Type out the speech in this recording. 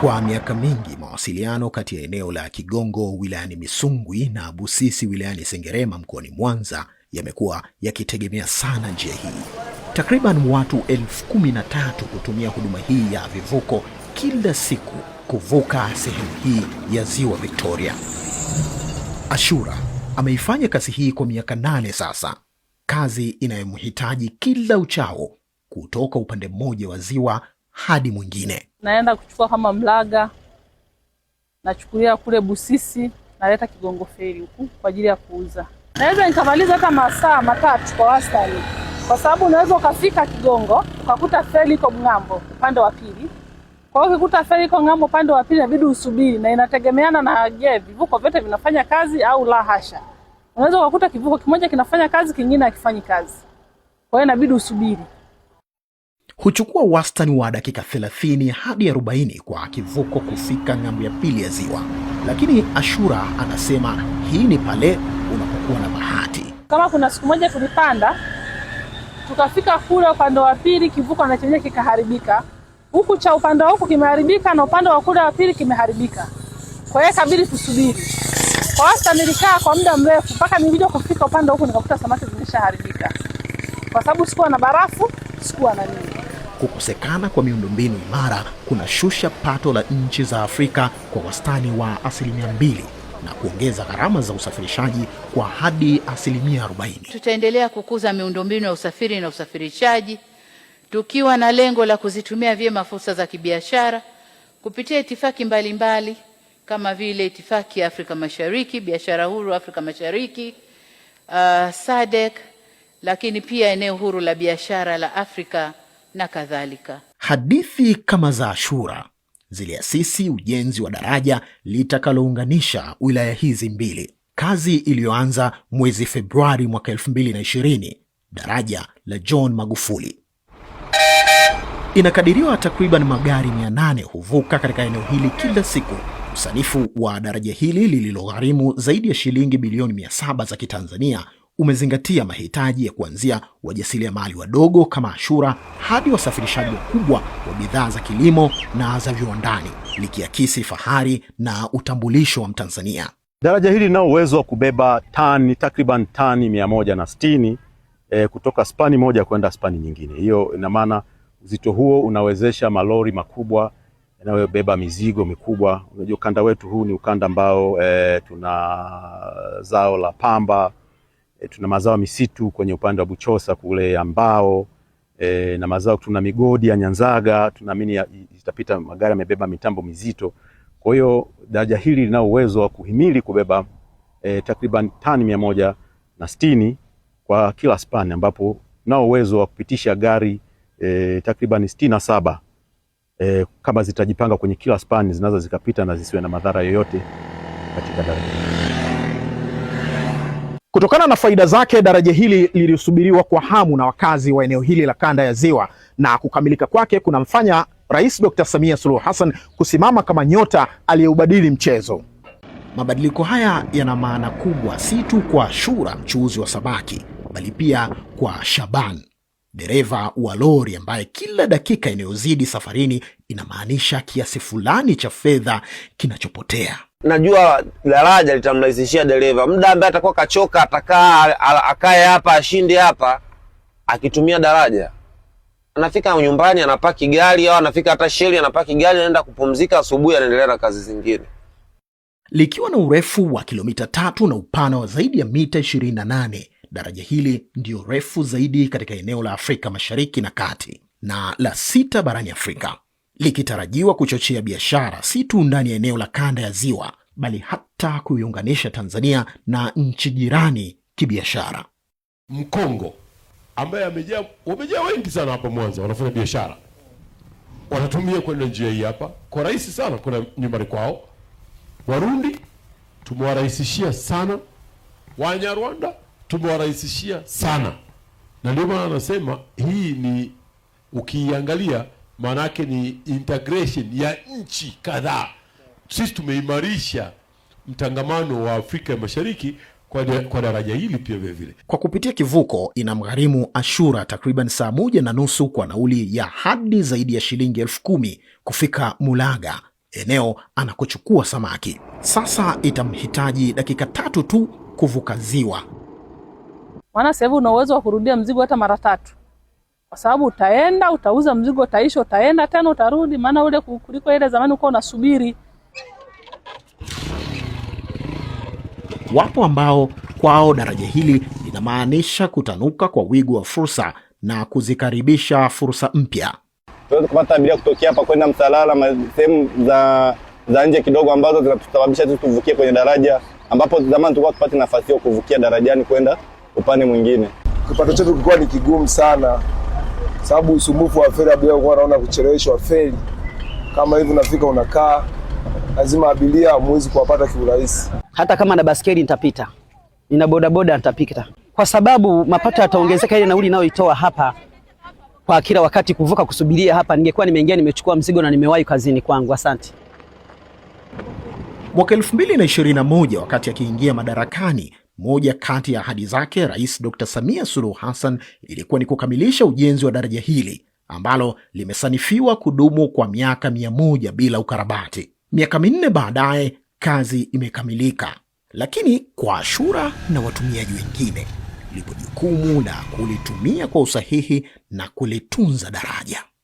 Kwa miaka mingi mawasiliano kati ya eneo la Kigongo wilayani Misungwi na Busisi wilayani Sengerema mkoani Mwanza yamekuwa yakitegemea sana njia hii. Takriban watu elfu kumi na tatu hutumia huduma hii ya vivuko kila siku kuvuka sehemu hii ya Ziwa Victoria. Ashura ameifanya kazi hii kwa miaka nane sasa, kazi inayomhitaji kila uchao kutoka upande mmoja wa ziwa hadi mwingine. Naenda kuchukua kama Mlaga, nachukulia kule Busisi, naleta Kigongo Feri huku kwa ajili ya kuuza. Naweza nikamaliza hata masaa matatu kwa wastani, kwa sababu unaweza ukafika Kigongo ukakuta feri iko ng'ambo upande wa pili. Kwa hiyo ukikuta feri iko ng'ambo upande wa pili, inabidi usubiri, na inategemeana na je, vivuko vyote vinafanya kazi au la hasha. Unaweza ukakuta kivuko kimoja kinafanya kazi, kingine hakifanyi kazi, kwa hiyo inabidi usubiri huchukua wastani wa dakika 30 hadi 40 kwa kivuko kufika ng'ambo ya pili ya ziwa, lakini Ashura anasema hii ni pale unapokuwa na bahati. Kama kuna siku moja tulipanda tukafika kule upande wa pili, kivuko na chenyewe kikaharibika, huku cha upande wa huku kimeharibika na upande wa kule wa pili kimeharibika. Kwa hiyo kabidi tusubiri kwa hasa, nilikaa kwa muda mrefu mpaka nilikuja kufika upande wa huku nikakuta samaki zimeshaharibika, kwa sababu sikuwa na barafu, sikuwa na nini Kukosekana kwa miundombinu imara kunashusha pato la nchi za Afrika kwa wastani wa asilimia mbili na kuongeza gharama za usafirishaji kwa hadi asilimia 40. Tutaendelea kukuza miundombinu ya usafiri na usafirishaji tukiwa na lengo la kuzitumia vyema fursa za kibiashara kupitia itifaki mbalimbali mbali, kama vile itifaki ya Afrika Mashariki, biashara huru Afrika Mashariki, uh, SADC, lakini pia eneo huru la biashara la Afrika na kadhalika. Hadithi kama za Ashura ziliasisi ujenzi wa daraja litakalounganisha wilaya hizi mbili, kazi iliyoanza mwezi Februari mwaka 220 daraja la John Magufuli. Inakadiriwa takriban magari 800 huvuka katika eneo hili kila siku. Usanifu wa daraja hili lililogharimu zaidi ya shilingi bilioni 700 za Kitanzania umezingatia mahitaji ya kuanzia wajasiriamali wadogo kama Ashura hadi wasafirishaji wakubwa wa bidhaa za kilimo na za viwandani, likiakisi fahari na utambulisho wa Mtanzania. Daraja hili linao uwezo wa kubeba tani takriban tani mia moja na sitini e, kutoka spani moja kwenda spani nyingine. Hiyo ina maana uzito huo unawezesha malori makubwa yanayobeba mizigo mikubwa. Unajua ukanda wetu huu ni ukanda ambao e, tuna zao la pamba e, tuna mazao misitu kwenye upande wa Buchosa kule ambao e, na mazao tuna migodi ya Nyanzaga, tunaamini itapita magari yamebeba mitambo mizito. Kwa hiyo daraja hili lina uwezo wa kuhimili kubeba e, takriban tani mia moja na sitini kwa kila span, ambapo nao uwezo wa kupitisha gari e, takriban sitini na saba e, kama zitajipanga kwenye kila span, zinaweza zikapita na zisiwe na madhara yoyote katika daraja. Kutokana na faida zake, daraja hili lilisubiriwa kwa hamu na wakazi wa eneo hili la kanda ya Ziwa, na kukamilika kwake kunamfanya Rais Dr. Samia Suluhu Hassan kusimama kama nyota aliyeubadili mchezo. Mabadiliko haya yana maana kubwa, si tu kwa Shura, mchuuzi wa samaki, bali pia kwa Shaban, dereva wa lori ambaye kila dakika inayozidi safarini inamaanisha kiasi fulani cha fedha kinachopotea najua daraja litamrahisishia dereva muda ambaye atakuwa kachoka, atakaa akae hapa ashinde hapa akitumia daraja, anafika nyumbani anapaki gari, au anafika hata sheli anapaki gari, anaenda kupumzika, asubuhi anaendelea na kazi zingine. Likiwa na urefu wa kilomita tatu na upana wa zaidi ya mita 28, daraja hili ndio refu zaidi katika eneo la Afrika Mashariki na Kati na la sita barani Afrika likitarajiwa kuchochea biashara si tu ndani ya eneo la kanda ya Ziwa bali hata kuiunganisha Tanzania na nchi jirani kibiashara. Mkongo ambaye amejaa wamejaa wengi sana hapa Mwanza, wanafanya biashara, wanatumia kwenda njia hii hapa kwa rahisi sana kwenda nyumbani kwao. Warundi tumewarahisishia sana, Wanyarwanda tumewarahisishia sana, na ndio maana anasema hii ni ukiiangalia maanake ni integration ya nchi kadhaa. Sisi tumeimarisha mtangamano wa Afrika ya Mashariki kwa, de, kwa daraja hili pia vilevile kwa kupitia kivuko inamgharimu Ashura takriban saa moja na nusu kwa nauli ya hadi zaidi ya shilingi elfu kumi kufika Mulaga, eneo anakochukua samaki. Sasa itamhitaji dakika tatu tu kuvuka ziwa, maana sasa hivi una uwezo wa kurudia mzigo hata mara tatu kwa sababu utaenda utauza mzigo, utaisha, utaenda tena utarudi, maana ule kuliko ile zamani uko unasubiri. Wapo ambao kwao daraja hili linamaanisha kutanuka kwa wigo wa fursa na kuzikaribisha fursa mpya. Tunaweza kupata abiria kutokea hapa kwenda Msalala, sehemu za, za nje kidogo ambazo zinatusababisha tu tuvukie kwenye daraja, ambapo zamani tulikuwa tupate nafasi hiyo kuvukia darajani kwenda upande mwingine. Kipato chetu kilikuwa ni kigumu sana sababu usumbufu wa feri abiria alikuwa anaona kucheleweshwa feri kama hivi, unafika unakaa, lazima abiria mwezi kuwapata kiurahisi. Hata kama na baskeli nitapita, nina bodaboda nitapita, kwa sababu mapato yataongezeka. Ile nauli nayoitoa hapa kwa kila wakati kuvuka kusubiria hapa, ningekuwa nimeingia nimechukua mzigo na nimewahi kazini kwangu. Asante. Mwaka 2021 wakati akiingia madarakani moja kati ya ahadi zake Rais Dr. Samia Suluhu Hassan ilikuwa ni kukamilisha ujenzi wa daraja hili ambalo limesanifiwa kudumu kwa miaka mia moja bila ukarabati. Miaka minne baadaye kazi imekamilika, lakini kwa Ashura na watumiaji wengine lipo jukumu la kulitumia kwa usahihi na kulitunza daraja.